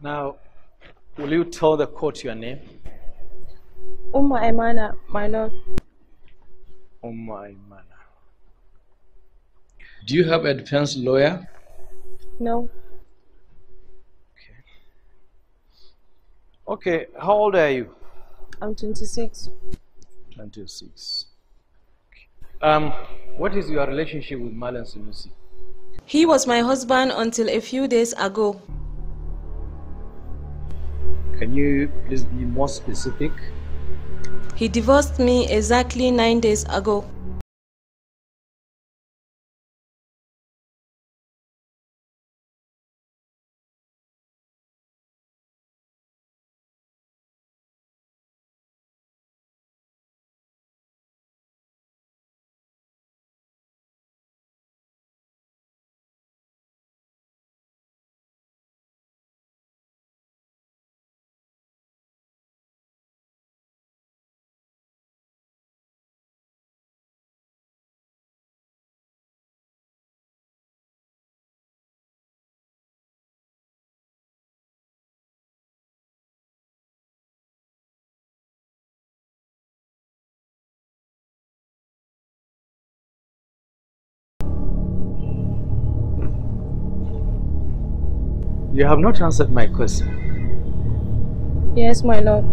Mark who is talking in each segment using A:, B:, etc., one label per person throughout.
A: Now, will you tell the court your name?
B: Umma Imana, my lord.
A: Umma Imana. Do you have a defense lawyer? No. Okay. Okay, how old are you?
B: I'm 26.
A: 26. Um, what is your relationship with Malan Sunusi?
B: He was my husband until a few days ago.
C: Can you please be more specific?
D: He divorced me exactly nine days ago. You
C: have not answered my question.
B: Yes, my lord.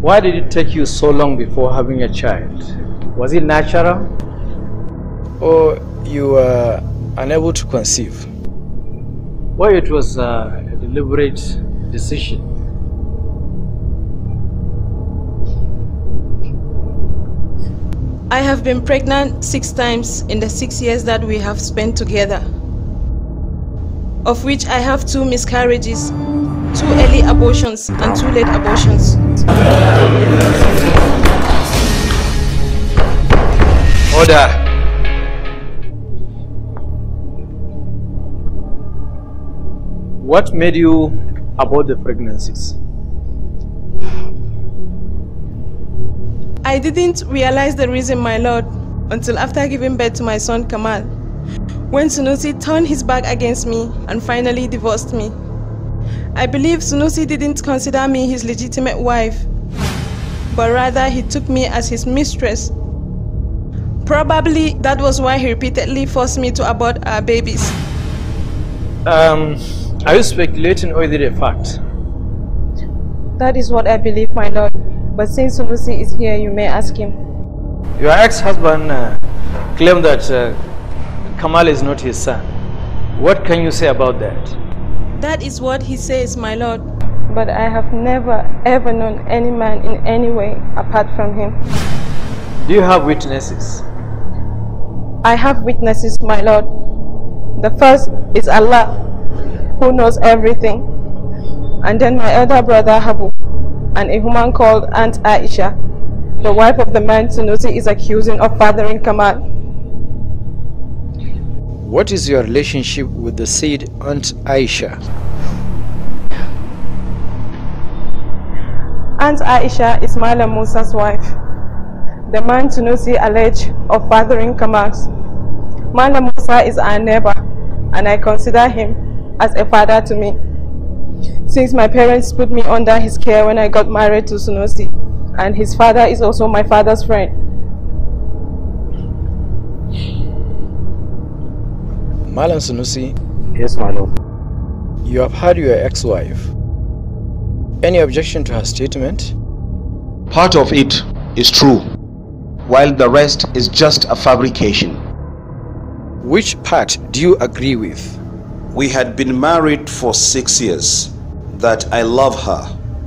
C: Why did it take you so long before having a child? Was it natural? Or oh, you were unable to conceive?
E: Well, it was uh, a deliberate decision.
B: I have been pregnant six times in the six years that we have spent together of which I have two miscarriages, two early abortions and two late abortions.
C: Order. What made you abort the pregnancies?
B: I didn't realize the reason, my lord, until after giving birth to my son Kamal when Sunusi turned his back against me and finally divorced me. I believe Sunusi didn't consider me his legitimate wife, but rather he took me as his mistress. Probably that was why he repeatedly forced me to abort our babies.
E: Um,
A: are you speculating or is it a fact?
B: That is what I believe, my lord. But since Sunusi is here, you may ask him.
A: Your ex-husband uh,
C: claimed that uh, Kamal is not his son. What can you say about that?
B: That is what he says, my lord. But I have never ever known any man in any way apart from him.
E: Do you have witnesses?
B: I have witnesses, my lord. The first is Allah, who knows everything. And then my elder brother Habu, and a woman called Aunt Aisha, the wife of the man Sunusi is accusing of fathering Kamal.
E: What is your relationship with the said Aunt
D: Aisha?
B: Aunt Aisha is Malam Musa's wife, the man Tunusi alleged of fathering Kamals. Malam Musa is our neighbor, and I consider him as a father to me. Since my parents put me under his care when I got married to Sunusi, and his father is also my father's friend.
C: Malam Sunusi. Yes, my lord. You have had your ex-wife. Any objection to her statement? Part of it is true, while the rest is just a fabrication. Which part do you agree with? We had been married for six years, that I love her,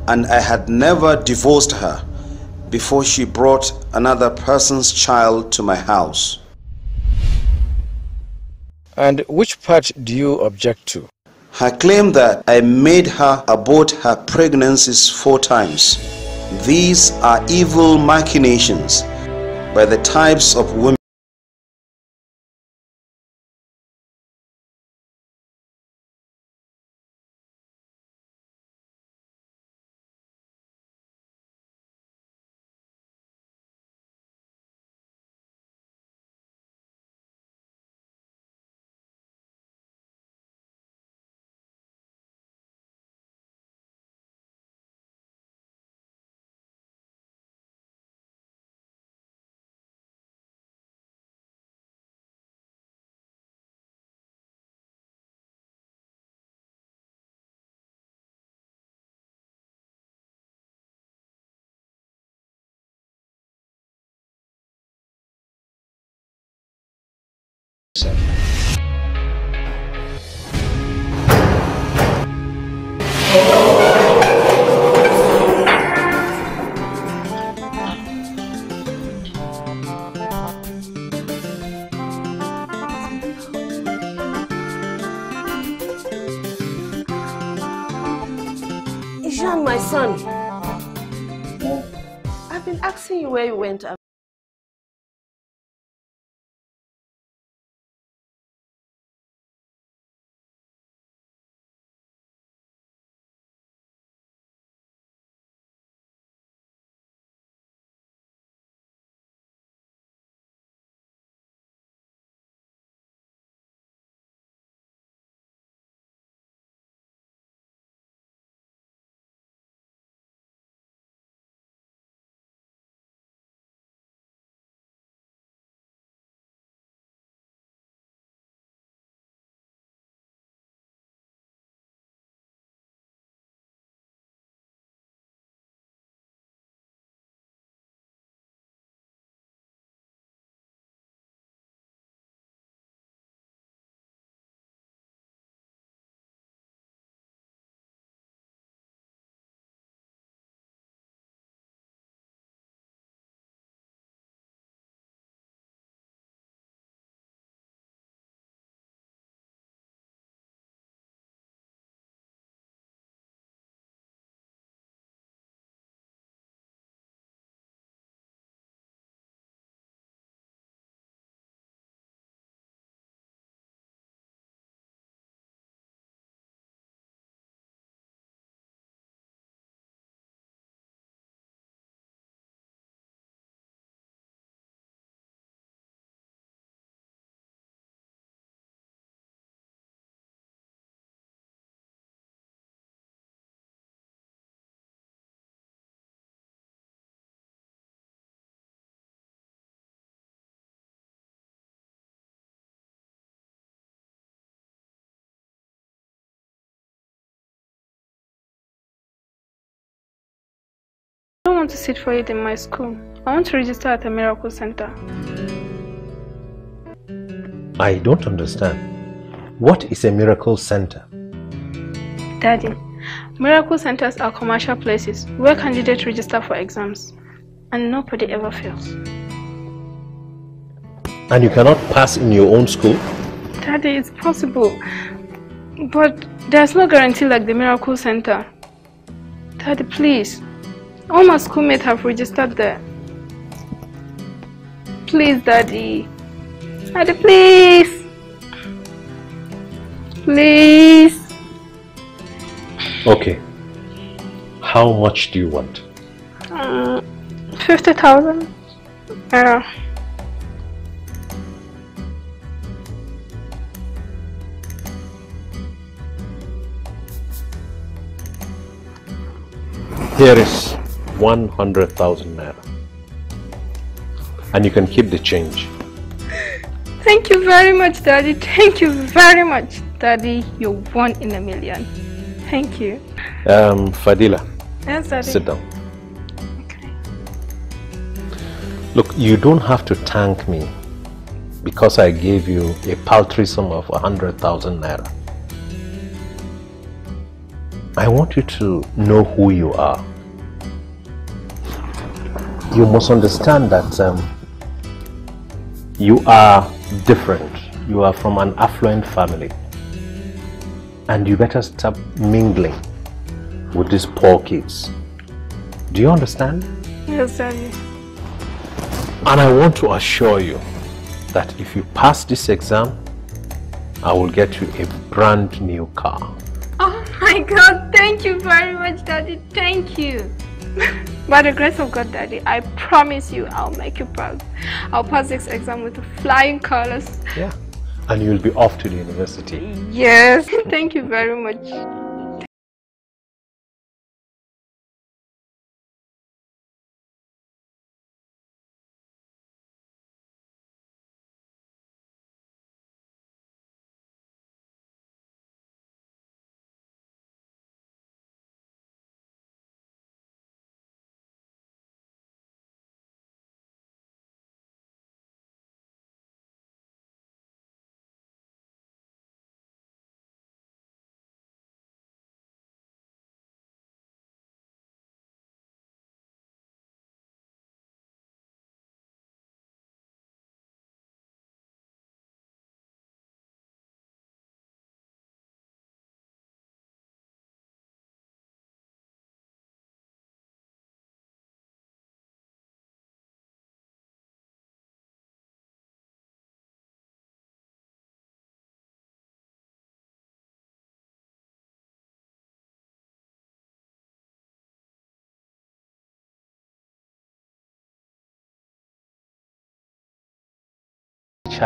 C: and I had never divorced her before she brought another person's child to my house. And which part do you object to? Her claim that I made her abort her pregnancies four times.
D: These are evil machinations by the types of women So. my son. I've been asking you where you went. want to sit for it in my school. I want to register at a miracle center.
A: I don't understand. What is a miracle center?
F: Daddy, miracle centers are commercial places where candidates register for exams and nobody ever fails.
A: And you cannot pass in your own school?
F: Daddy, it's possible. But there's no guarantee like the miracle center. Daddy, please. All my schoolmates have registered there. Please, Daddy. Daddy, please. Please.
A: Okay. How much do you want?
D: Um,
F: 50,000. Yeah. Uh,
A: Here is 100,000 naira. And you can keep the change.
F: Thank you very much, Daddy. Thank you very much, Daddy. You're one in a million. Thank you.
A: Um, Fadila. Yes, Daddy. Sit down. Okay. Look, you don't have to thank me because I gave you a paltry sum of 100,000 naira. I want you to know who you are you must understand that um, you are different. You are from an affluent family. And you better stop mingling with these poor kids. Do you understand?
F: Yes, Daddy.
A: And I want to assure you that if you pass this exam, I will get you a brand new car.
F: Oh my God, thank you very much, Daddy. Thank you. By the grace of God, Daddy, I promise you I'll make you proud. I'll pass this exam with flying
D: colors. Yeah, and you'll be off to the university. Yes, thank you very much.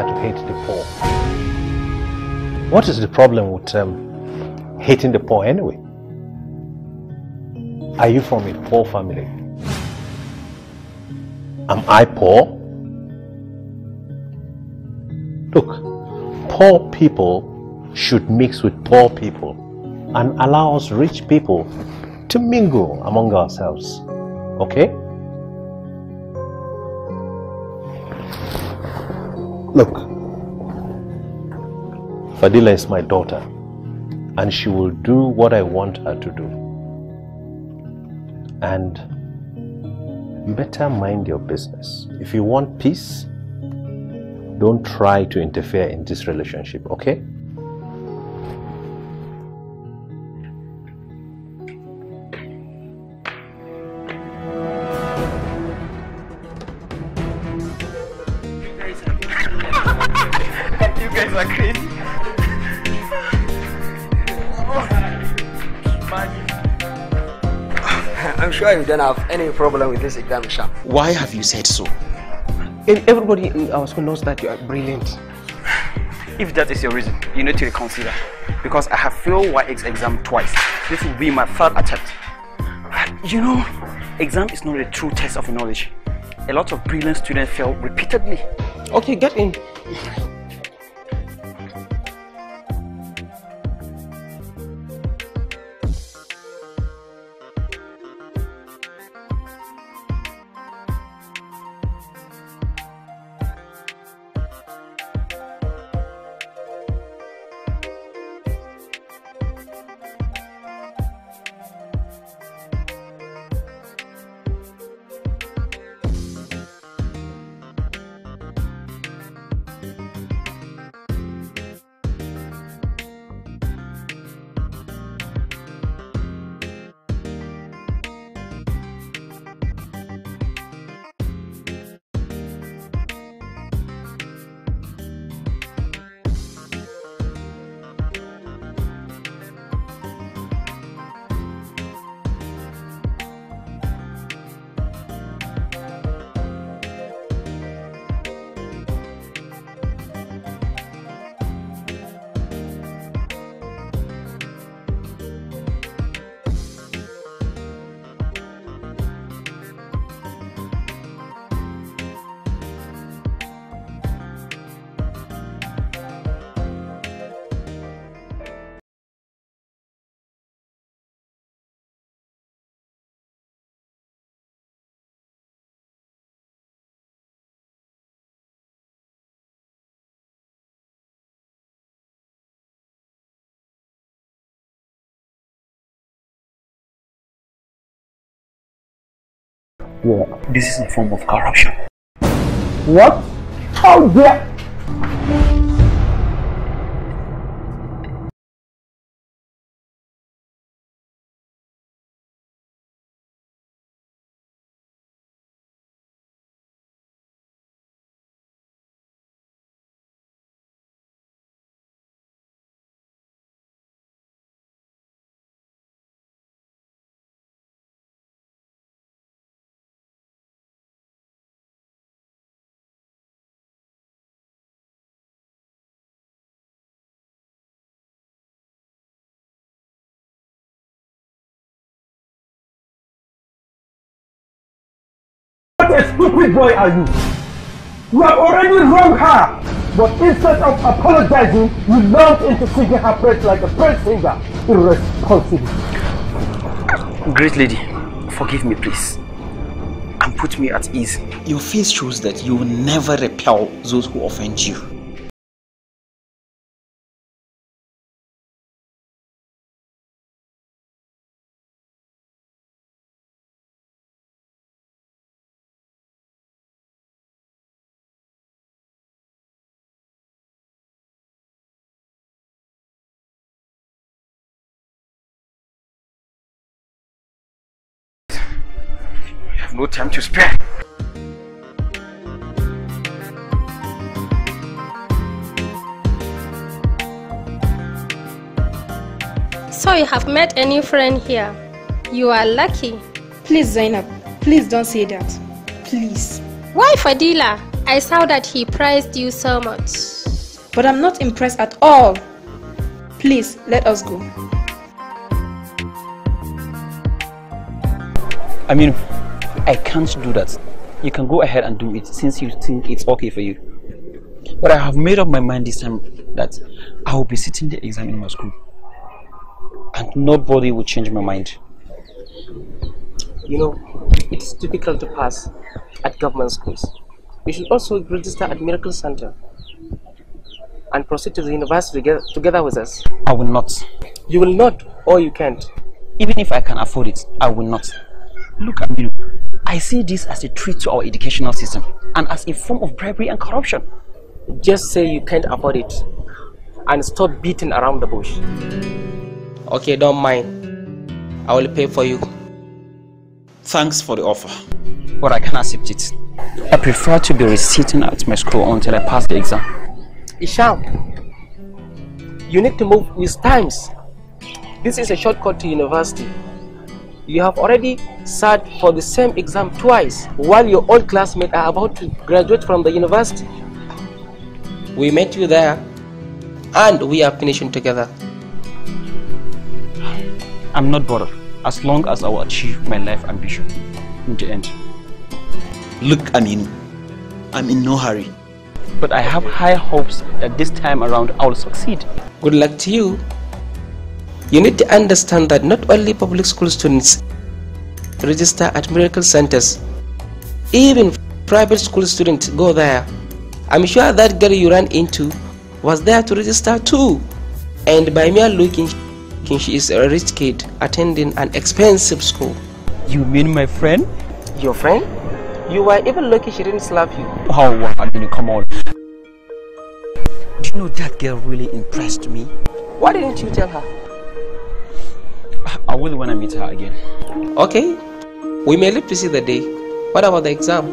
D: to hate the poor. What is the problem with um,
A: hating the poor anyway? Are you from a poor family? Am I poor? Look, poor people should mix with poor people and allow us rich people to mingle among ourselves. Okay? Look, Fadila is my daughter, and she will do what I want her to do. And better mind your business. If you want peace, don't try to interfere in this relationship, okay?
G: crazy.
E: I'm sure you don't have any problem with this exam, Why have you said so? Everybody in our school knows that you are brilliant. If that is your reason, you need to reconsider. Because I have failed YX exam twice. This will be my third attempt. You know, exam is not a true test of knowledge. A lot of brilliant students fail repeatedly. Okay, get in.
D: This is a form of corruption. What? How dare a stupid boy are you? You have already wronged her,
C: but instead of apologizing, you launch into singing her praise like a praise singer.
E: Irresponsible. Great lady, forgive me please
D: and put me at ease. Your face shows that you will never repel those who offend you. time to spare.
F: So you have met a new friend here. You are lucky. Please, Zainab, please don't say that. Please. Why, Fadila? I saw that he prized you so much. But I'm not impressed at all. Please, let us go.
E: I mean, I can't do that. You can go ahead and do it since you think it's okay for you. But I have made up my mind this time that I will be sitting the exam in my school. And nobody will change my mind. You know, it's difficult to pass at government schools. You should also register at Miracle Center and proceed to the university together with us. I will not. You will not or you can't? Even if I can afford it, I will not. Look at me. I see this as a threat to our educational system and as a form of bribery and corruption. Just say you can't afford it and stop beating around the bush. Okay, don't mind. I will pay for you. Thanks for the offer. But I can't accept it. I prefer to be resitting at my school until I pass the exam. Isham, you need to move with times. This is a shortcut to university you have already sat for the same exam twice while your old classmates are about to graduate from the university. We met you there and we are finishing together. I'm not bothered as long as I will achieve my life ambition in the end. Look, Aminu, I'm in no hurry. But I have high hopes that this time around I will succeed. Good luck to you. You need to understand that not only public school students register at miracle centers, even private school students go there. I'm sure that girl you ran into was there to register too. And by mere looking, she is a rich kid attending an expensive school. You mean my friend? Your friend? You were even lucky she didn't slap you. Oh, wow. I mean, come on. Do you know that girl really impressed me? Why didn't you tell her? will want to meet her again. Okay, we may live to see the day. What about the exam?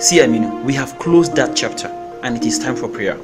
E: See, Aminu, we have closed that chapter and it is time for prayer.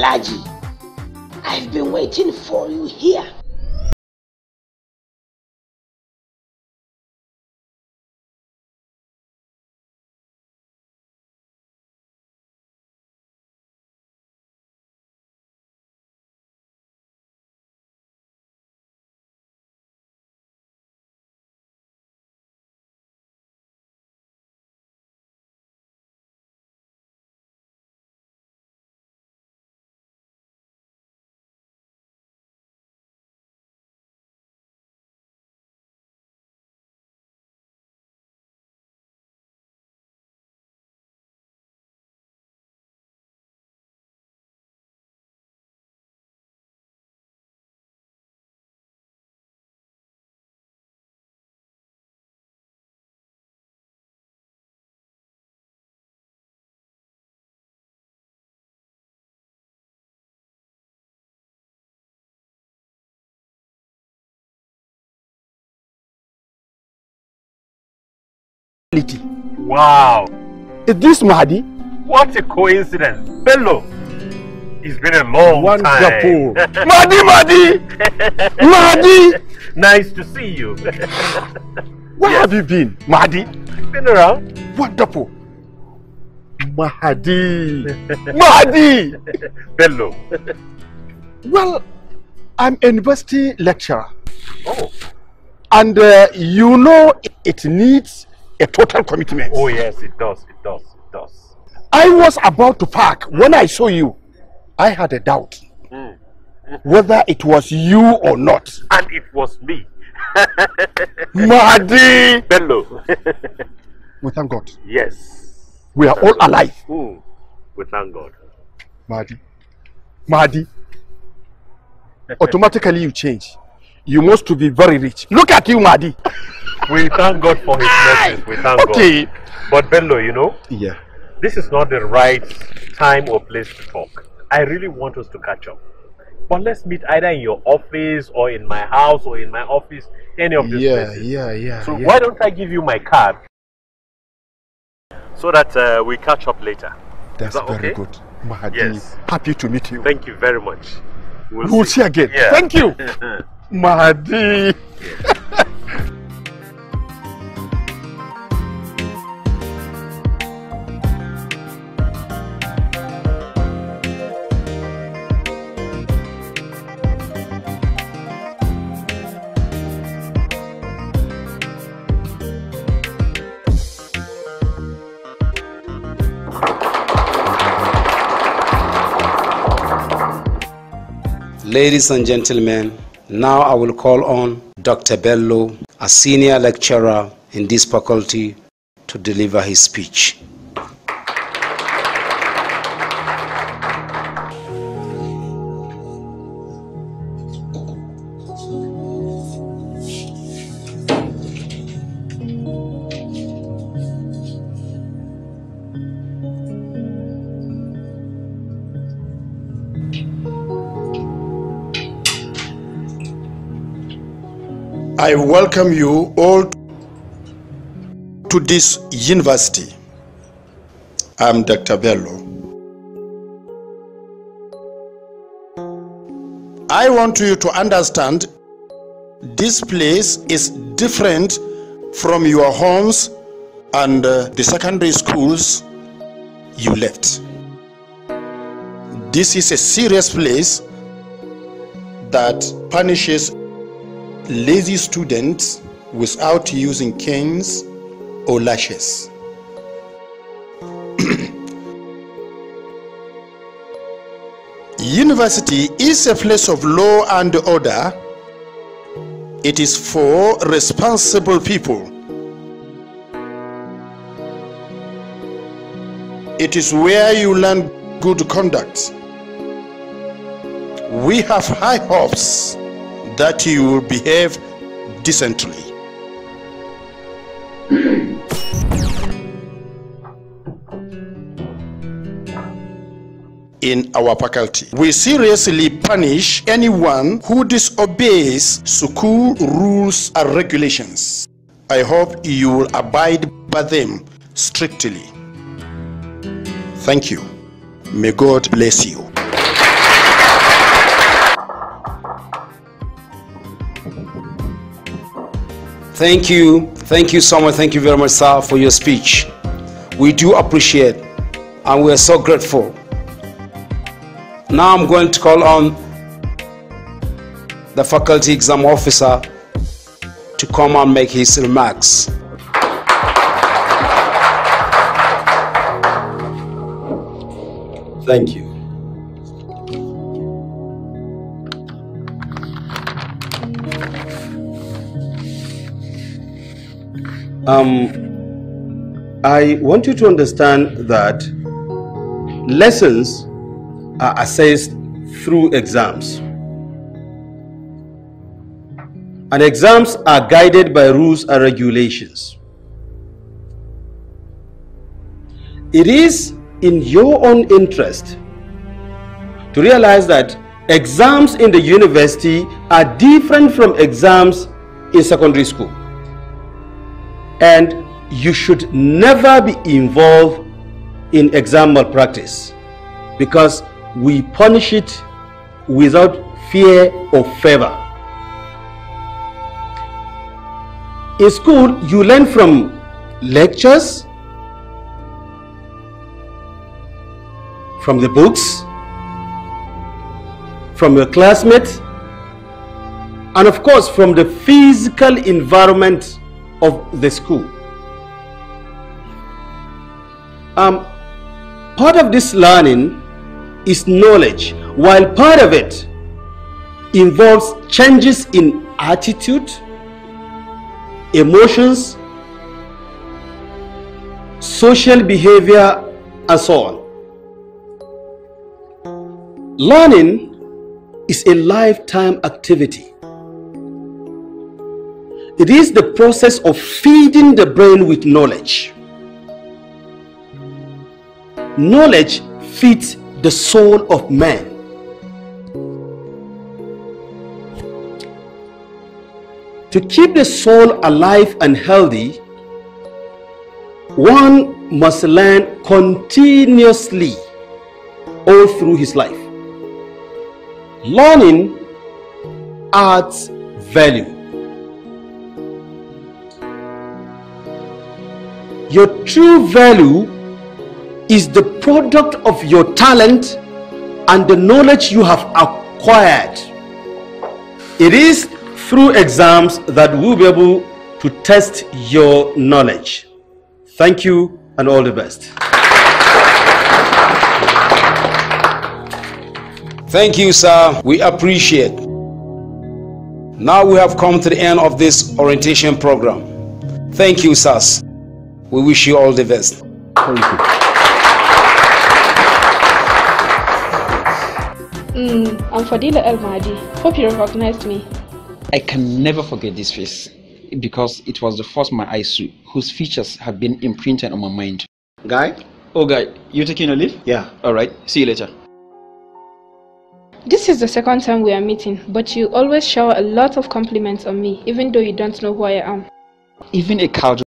D: Alaji, I've been waiting for you here. reality. Wow. Is this Mahdi? What a coincidence. Bello.
A: It's been a long Wonderful. time. Wonderful. Mahdi, Mahdi. Mahdi. Nice to see you.
G: Where yes. have you been, Mahdi? I've
A: been around.
G: Wonderful. Mahdi. Mahdi. Bello. Well, I'm a university lecturer. Oh. And uh, you know it needs a total commitment. Oh yes,
A: it does, it does, it does.
G: I was about to park when I saw you. I had a doubt mm. whether it was you or not.
A: And it was me. Mahdi! Bello.
G: we thank God.
A: Yes. We are all alive. Mm. We thank God.
G: Mahdi. Mahdi. Automatically you change. You must to be very rich. Look at you, Mahdi.
A: we thank God for His mercies. We thank okay. God. But Bello, you know, yeah, this is not the right time or place to talk. I really want us to catch up. But let's meet either in your office or in my house or in my office, any of these yeah, places.
G: Yeah, yeah, So yeah. why
A: don't I give you my card so that uh, we catch up later? That's that very okay? good. Mahadi, yes. happy to meet you. Thank you very much. We'll, we'll see. see. again. Yeah. Thank you.
G: Mahadi.
C: Ladies and gentlemen, now I will call on Dr. Bello, a senior lecturer in this faculty, to deliver his speech.
G: I welcome you all to this university. I'm Dr. Bello. I want you to understand this place is different from your homes and uh, the secondary schools you left. This is a serious place that punishes lazy students without using canes or lashes. University is a place of law and order. It is for responsible people. It is where you learn good conduct. We have high hopes that you will behave decently. in our faculty. We seriously punish anyone who disobeys school rules and regulations. I hope you will abide by them strictly. Thank you. May God bless you.
C: Thank you. Thank you so much. Thank you very much, sir, for your speech. We do appreciate and we are so grateful. Now I'm going to call on the faculty exam officer to come and make his remarks. Thank you. Um, I want you to understand that lessons are assessed through exams. And exams are guided by rules and regulations. It is in your own interest to realize that exams in the university are different from exams in secondary school and you should never be involved in exam malpractice because we punish it without fear or favor. In school, you learn from lectures, from the books, from your classmates, and of course from the physical environment of the school. Um, part of this learning is knowledge, while part of it involves changes in attitude, emotions, social behavior, and so on. Learning is a lifetime activity. It is the process of feeding the brain with knowledge. Knowledge feeds the soul of man. To keep the soul alive and healthy, one must learn continuously all through his life. Learning adds value. Your true value is the product of your talent and the knowledge you have acquired. It is through exams that we'll be able to test your knowledge. Thank you and all the best. Thank you, sir. We appreciate. Now we have come to the end of this orientation program. Thank you, sirs. We wish you all the best.
F: Mm, I'm Fadila El Mahdi. Hope you recognized me.
E: I can never forget this face because it was the first my eyes saw, whose features have been imprinted on my mind. Guy? Oh, Guy, you taking a leave? Yeah. All right, see you later.
F: This is the second time we are meeting, but you always shower a lot of compliments on me, even
D: though you don't know who I am. Even a casual.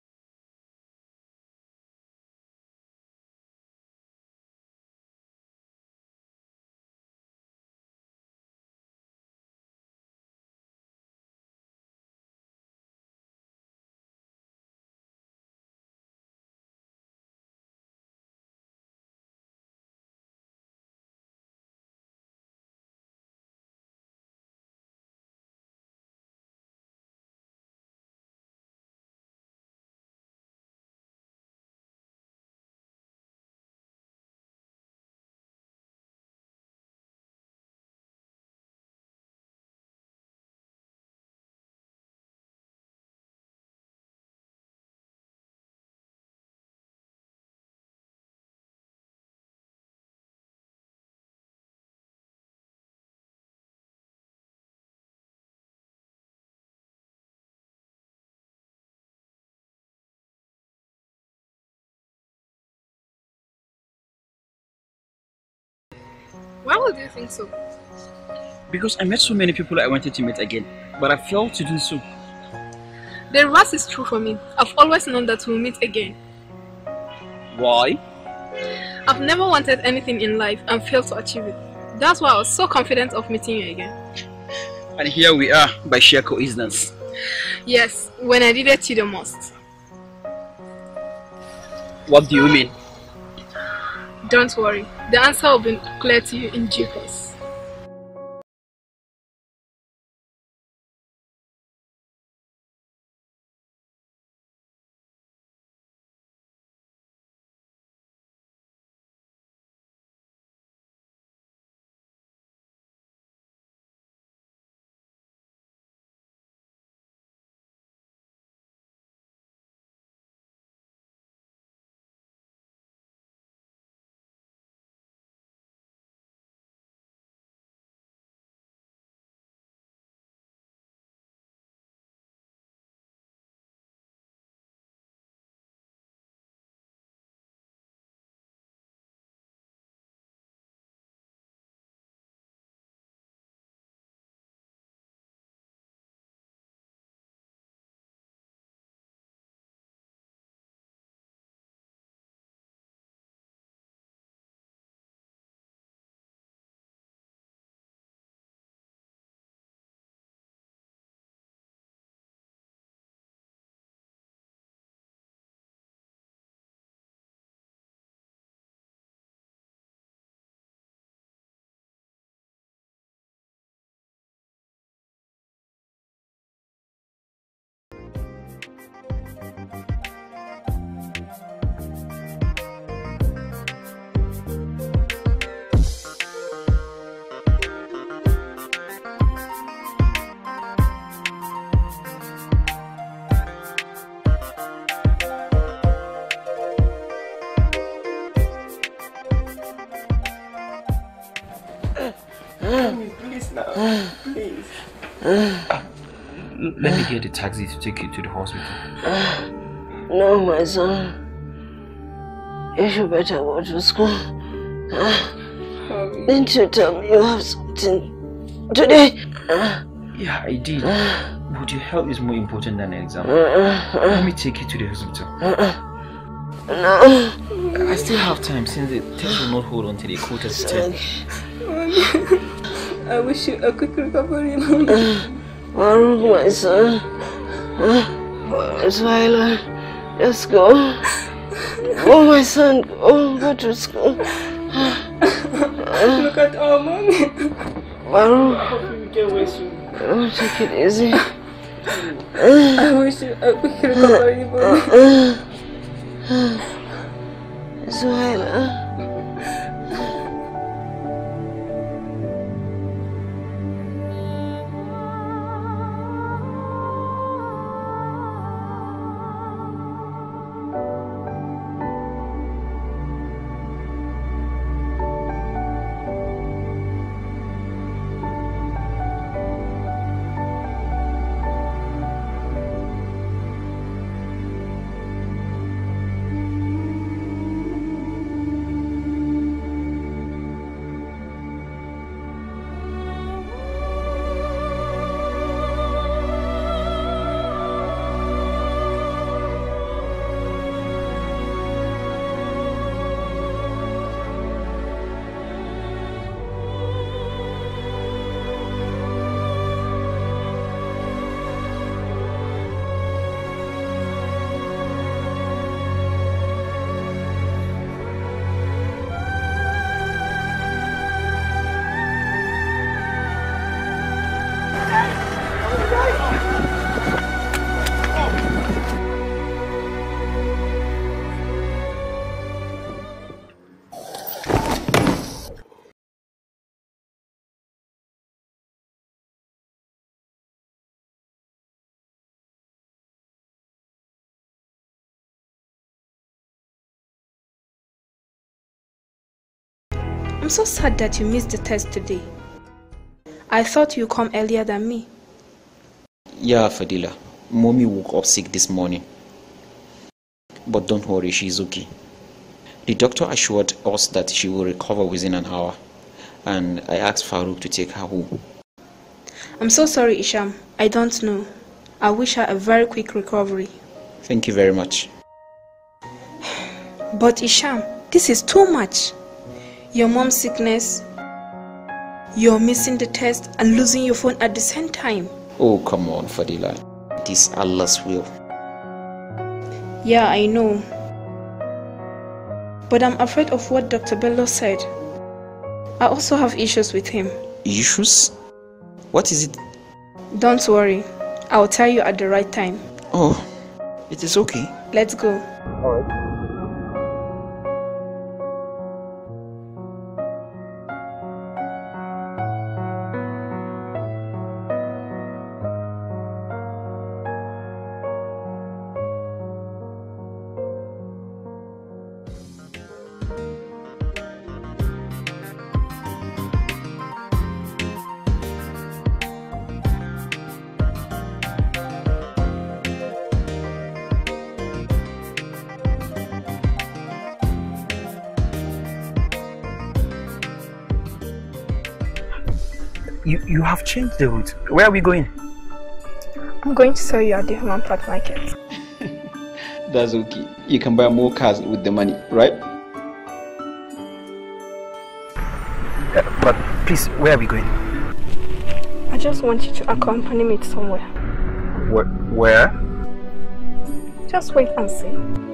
D: Why would you think so? Because I met so many people I wanted to meet again, but I failed to do so.
F: The reverse is true for me. I've always known that we'll meet again. Why? I've never wanted anything in life and failed to achieve it. That's why I was so confident of meeting you again.
E: And here we are by sheer coincidence.
F: Yes, when I needed you the most.
E: What do you
D: mean? Don't worry, the answer will be clear to you in due course.
E: get a taxi to take you to the hospital?
B: Uh, no, my son. You should better go to school. Uh, didn't you tell me you have something today? Uh,
E: yeah, I did. But your health is more important than an exam. Let me take you to the hospital.
B: No.
E: I still have time since the test will not hold until the quarter to ten.
B: I wish you a quick recovery, Mom. Uh, uh, Where's uh, my son? Where's Let's go. Oh, my son. Oh, go to school. Look at our mommy.
F: Well, I hope you get well soon.
E: Oh, take it easy. I wish you could recover you, mommy.
D: Zuhaila. I'm so sad that you missed the test today.
F: I thought you come earlier than me.
D: Yeah, Fadila.
E: Mommy woke up sick this morning. But don't worry, she's okay. The doctor assured us that she will recover within an hour, and I asked Farouk to take her home.
F: I'm so sorry, Isham. I don't know. I wish her a very quick recovery.
E: Thank you very much.
F: But Isham, this is too much your mom's sickness, you're missing the test and losing your phone at the same time.
E: Oh, come on, Fadila. It is Allah's will.
F: Yeah, I know. But I'm afraid of what Dr. Bello said. I also have issues with him.
E: Issues? What is it?
F: Don't worry. I'll tell you at the right time.
E: Oh, it is okay. Let's go. Alright. you, you have changed the route. Where are we going?
F: I'm going to sell you at the human part market.
E: That's okay. You can buy more cars with the money, right? Uh, but please, where are we going?
F: I just want you to accompany me to somewhere.
E: Where? where?
F: Just wait and see.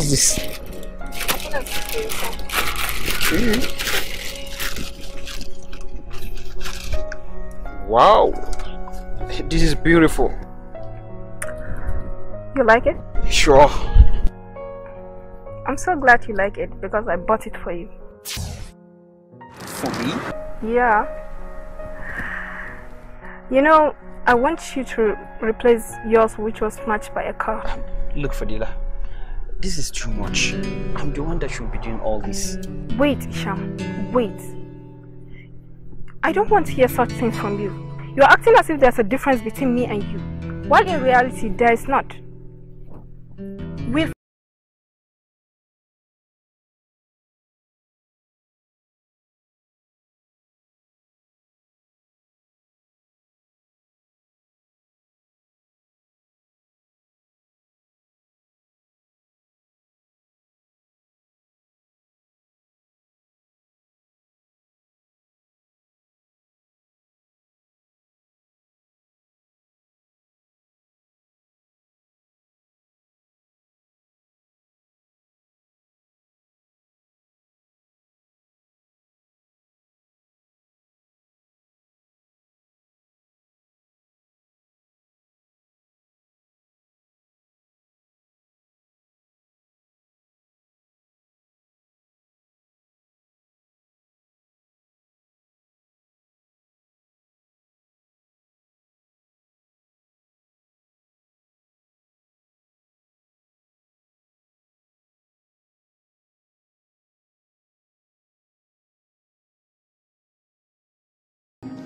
E: was this? Wow, this is beautiful. You like it? Sure.
F: I'm so glad you like it because I bought it for you. For me? Yeah. You know, I want you to replace yours which was smashed
E: by a car. Look, Fadila, this is too much. I'm the one that should be doing all this.
F: Wait, Isham. Wait. I don't want to hear such things from you. You're acting as if there's a difference between me and you, while in reality there is not.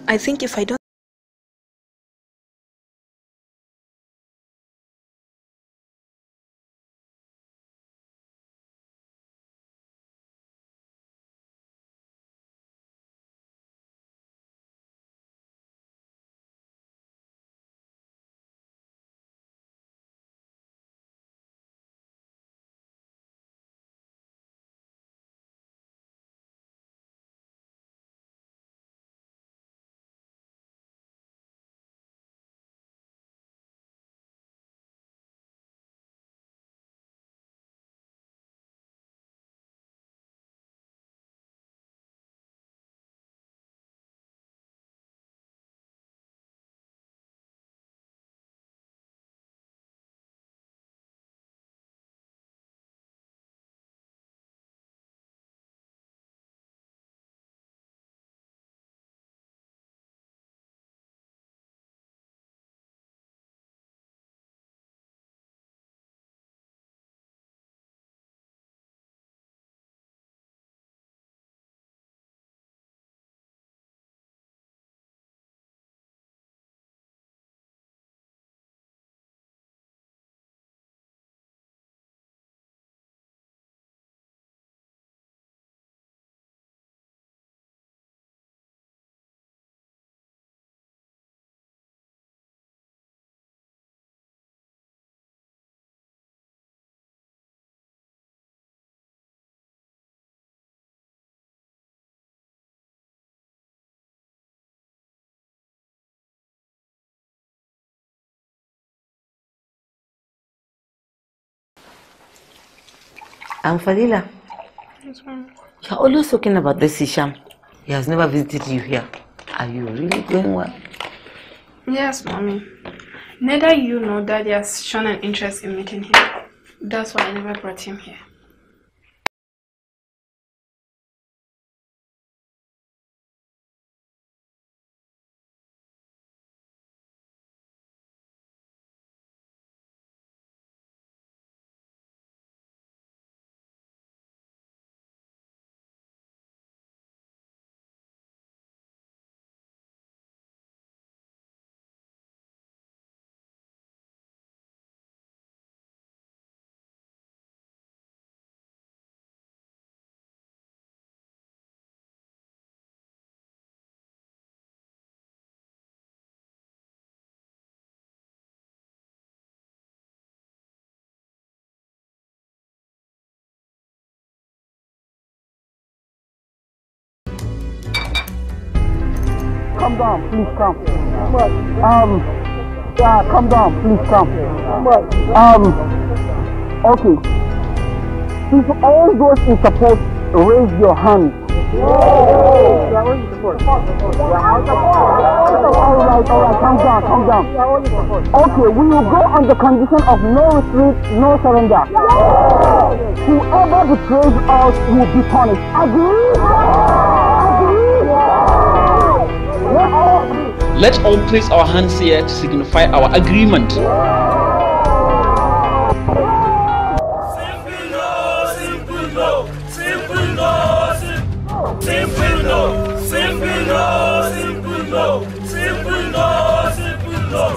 D: I think if I don't And Fadila, yes, you're
B: always talking about this Isham. He has never visited you here. Are you really
D: doing well?
F: Yes, mommy. Neither you nor daddy has shown an
D: interest in meeting him. That's why I never brought him here. come down, please come. Um, yeah, come down, please come.
E: Um, okay. If all those in support, raise your hand.
D: Alright, alright, calm down, calm down.
E: Okay, we will go on the condition of no retreat, no surrender. Whoever betrays us will be
D: punished. Agree?
E: Let all place our hands here to signify our agreement. Simple
D: no, simple no, simple no, simple no, simple no, simple no, simple no, no,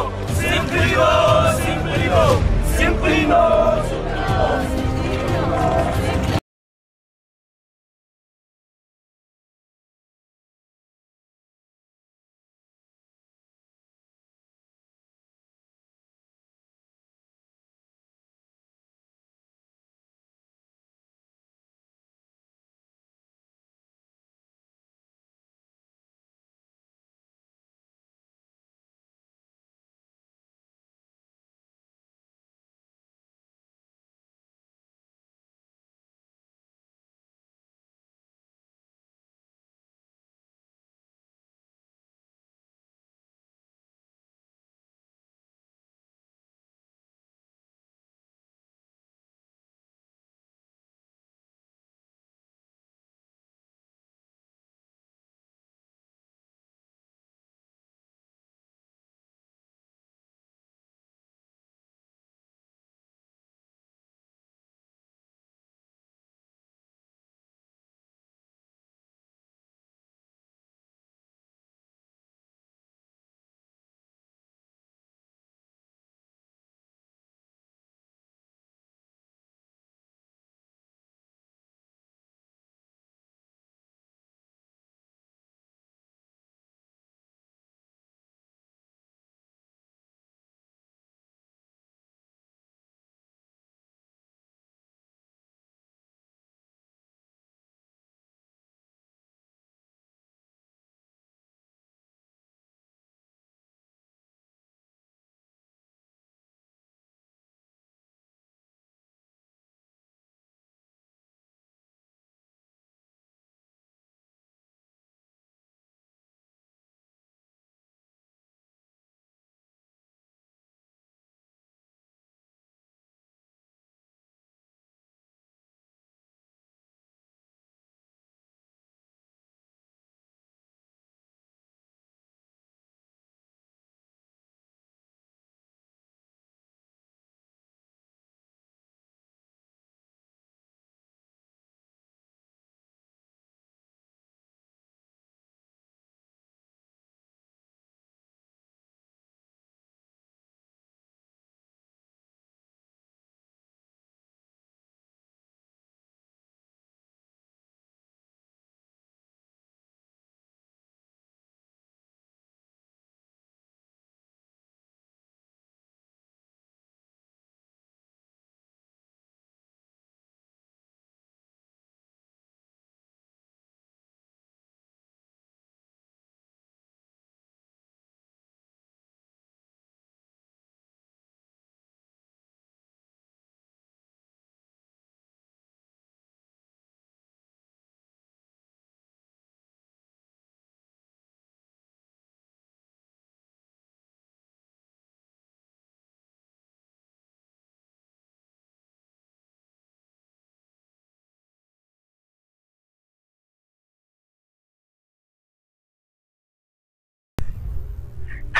D: no, no, no, no, no.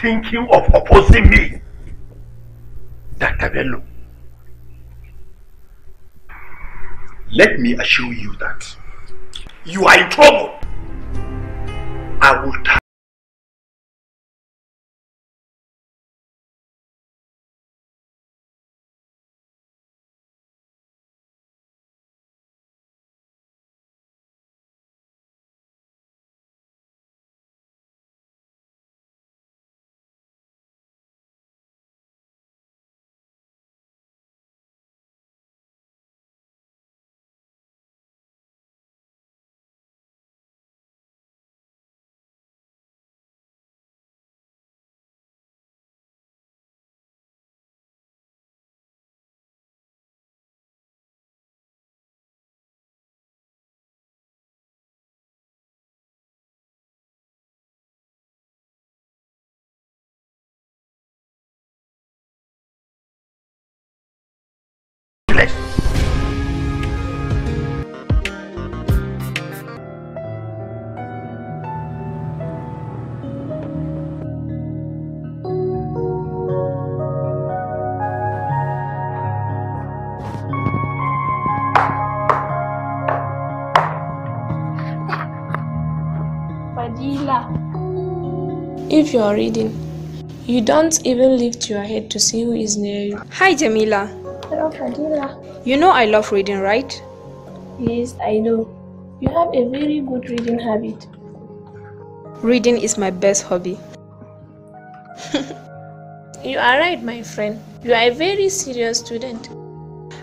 D: thinking of opposing me Dr. Bello let me assure you that you are in trouble I will
F: if you are reading. You don't even lift your head to see who is near you. Hi, Jamila. Hello, Fadila. You know I love reading, right? Yes, I know. You have a very good reading habit. Reading is my best hobby. you are right, my friend. You are a very serious student.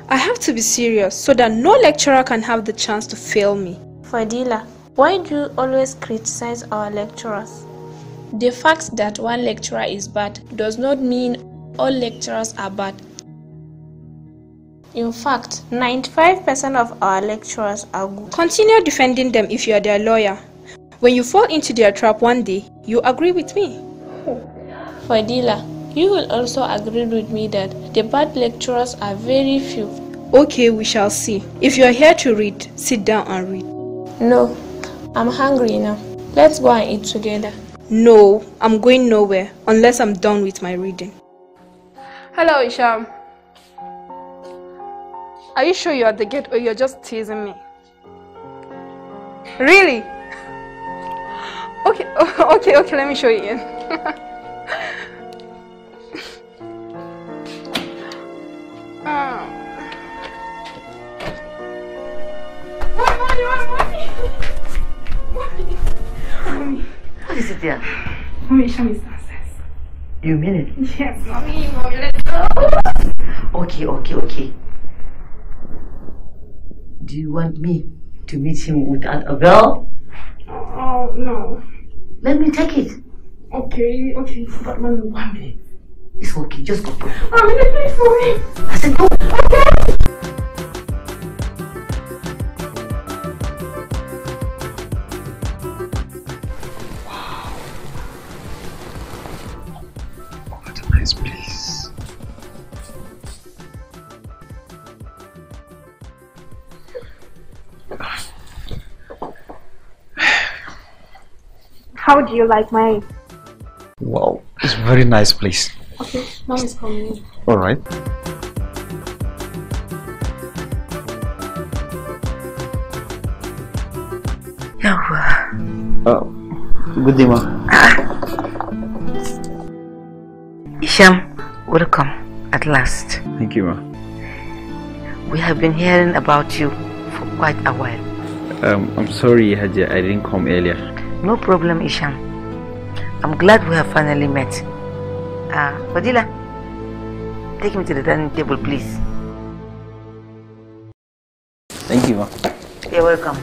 F: I have to be serious so that no lecturer can have the chance to fail me. Fadila, why do you always criticize our lecturers? The fact that one lecturer is bad does not mean all lecturers are bad. In fact, 95% of our lecturers are good. Continue defending them if you are their lawyer. When you fall into their trap one day, you agree with me. Fadila, you will also agree with me that the bad lecturers are very few. Okay, we shall see. If you are here to read, sit down and read. No, I'm hungry now. Let's go and eat together. No, I'm going nowhere unless I'm done with my reading. Hello, Isham. Are you sure you're at the gate or you're just teasing me? Really? Okay, okay, okay, let me show you in. um. Mommy, show me You mean it? Yes, mommy, mommy, let's
E: go. Okay, okay, okay. Do you want me to meet him without a girl?
F: Oh, no. Let me take it. Okay, okay, but mommy, one minute.
D: It's okay, just go. Mommy,
F: please, mommy. I said go. Okay. How do you like my?
A: Wow, it's a very nice place.
F: Okay, mom
B: is coming.
A: All right.
D: Yawwa.
E: Oh, uh, good day, ma.
D: Isham,
F: welcome at last. Thank you, ma. We have been hearing about you for quite a while.
E: Um, I'm sorry, Haji, I didn't come earlier.
F: No problem, Isham. I'm glad we have finally met. Ah, uh, Fadila,
B: take me to the dining table, please. Thank you. You're welcome.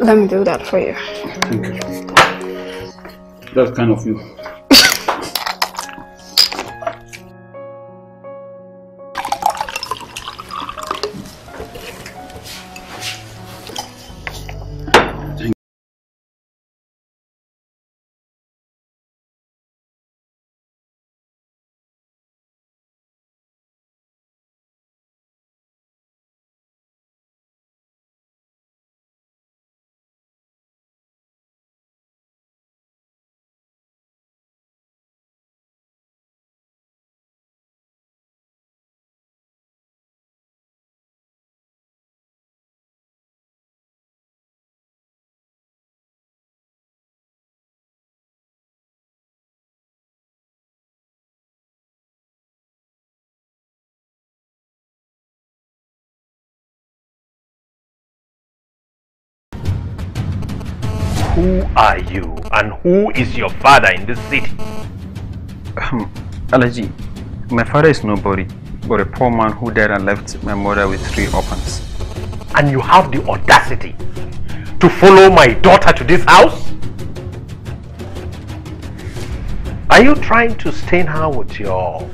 F: Let me do that for you. Thank
E: you. That's kind of you.
D: Who are you and who is your father in this city? Um,
E: Alaji, my father is nobody, but a poor man who died and left my mother with three orphans.
A: And you have the audacity
E: to follow my daughter to this
A: house? Are you trying to stain her with your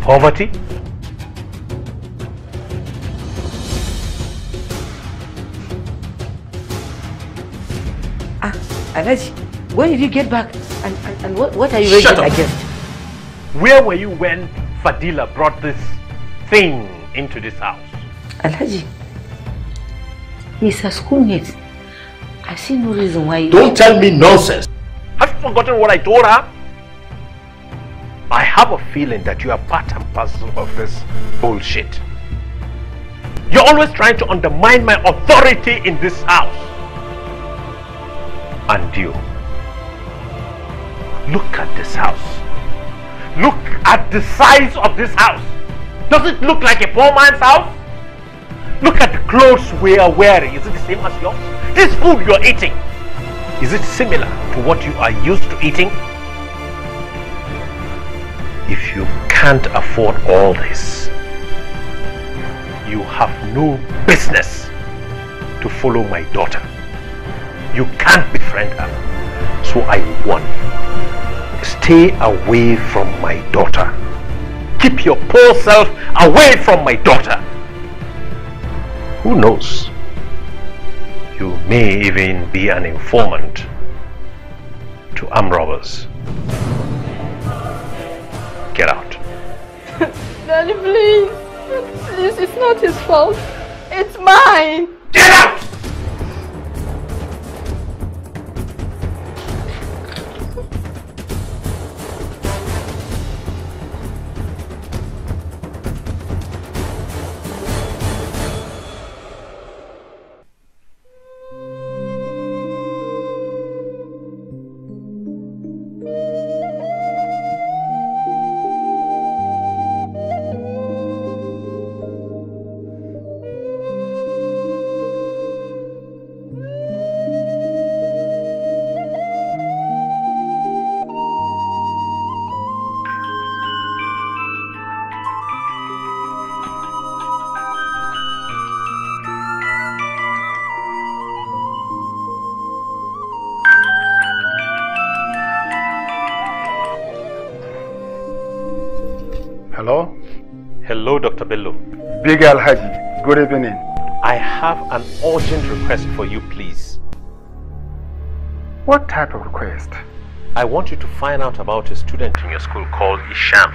A: poverty?
F: Alaji, when did you get back? And, and, and what, what are you raging against?
A: Where were you when Fadila brought this thing into this house?
F: Alaji, he's a schoolmate. I see no reason why... Don't tell me
A: nonsense. Have you forgotten what I told her? I have a feeling that you are part and parcel of this bullshit. You're always trying to undermine my authority in this house and you. Look at this house. Look at the size of this house. Does it look like a poor man's house? Look at the clothes we are wearing. Is it the same as yours? This food you're eating, is it similar to what you are used to eating? If you can't afford all this, you have no business to follow my daughter. You can't befriend her. So I warn you. Stay away from my daughter. Keep your poor self away from my daughter. Who knows? You may even be an informant to arm robbers. Get out.
F: Daddy, please. Please, it's not his
B: fault. It's mine. Get out!
A: Hello, Dr. Bello.
G: Big Al Haji, good evening.
A: I have an urgent request for you, please. What type of request? I want you to find out about a student in your school called Isham.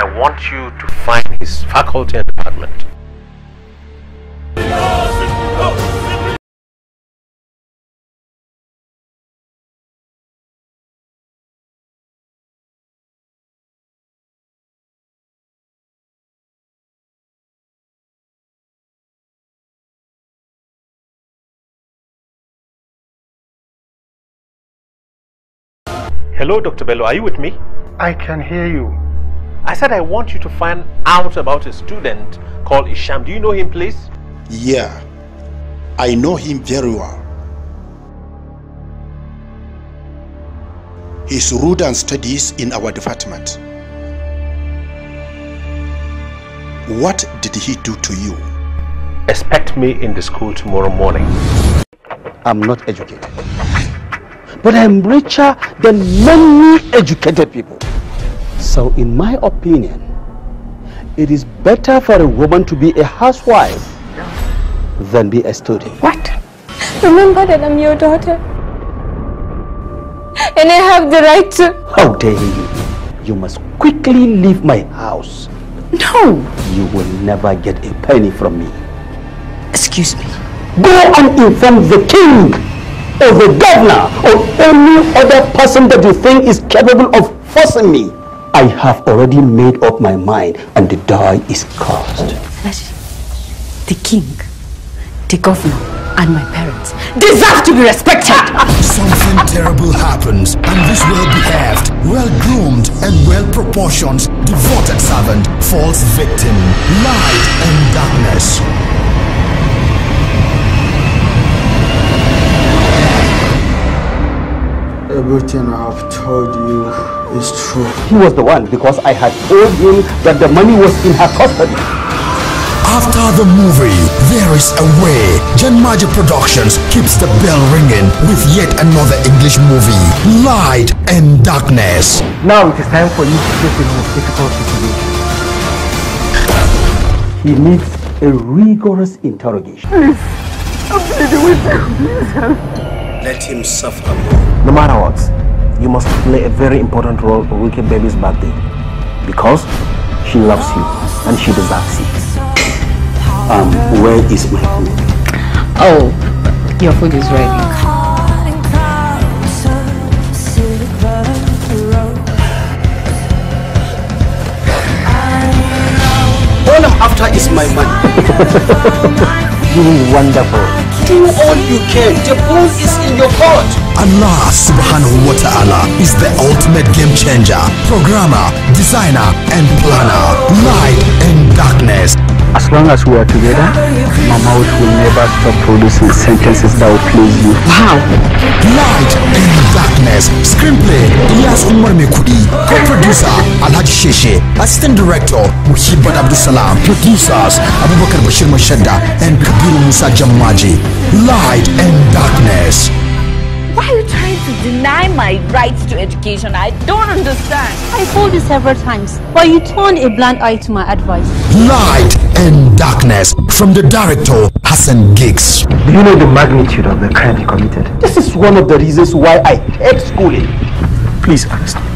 A: I want you to find his faculty and department.
D: Hello, Dr. Bello, are you with me? I can
A: hear you. I said I want you to find out about a student called Isham. Do you know him, please?
G: Yeah, I know him very well. He's rude and studies in our department.
A: What did he do to you? Expect me in the school tomorrow morning. I'm not educated but I'm richer than many educated people.
C: So in my opinion, it is better for a woman to be a
F: housewife
C: than be a student.
F: What? Remember that I'm your daughter. And I have the right to...
C: How dare you? You must
F: quickly leave
C: my house. No. You will never get a penny from me. Excuse me. Go and inform the king or the governor or any other person that you think is capable of forcing me. I have already made up my mind and the die is cast.
F: The king, the governor, and my parents deserve to be respected.
G: Something terrible happens and this well-behaved, well-groomed and well-proportioned devoted servant falls victim, light and darkness.
C: Everything I have told you is true. He was the one because I had told him that the money was in her custody.
G: After the movie, There is a Way, Jan Magic Productions keeps the bell ringing with yet another English movie, Light and Darkness.
E: Now it is time for
G: you to face the most difficult situation. He needs a
C: rigorous interrogation.
D: Please, I'm pleading with you. Please help.
C: Let him suffer more. No matter what, you must play a very important role on Wiki Baby's birthday. Because she loves you and she deserves it. Um, where is my food?
F: Oh, your food is ready.
C: all I'm after is my
G: money. you will wonderful
C: do all you can. The ball is in your
G: court. Allah subhanahu wa ta'ala is the ultimate game changer, programmer, designer, and planner. Light and darkness as long as we are
E: together, my mouth will never stop producing sentences that will please you. Wow!
G: Light in Darkness Screenplay Ilyas Umar Co-producer Alhaji Sheshe Assistant Director Muhibbat Abdusalam Producers Abubakar Bashir Mashadda and Kabiru Musa Jammaji Light and Darkness
F: why are you trying to deny my rights to education? I don't understand. I told you several times, but you turned a blind eye to my advice.
C: Light and Darkness from the director, Hassan Giggs. Do you know the magnitude of the crime he committed? This is one of the reasons why I hate schooling. Please understand.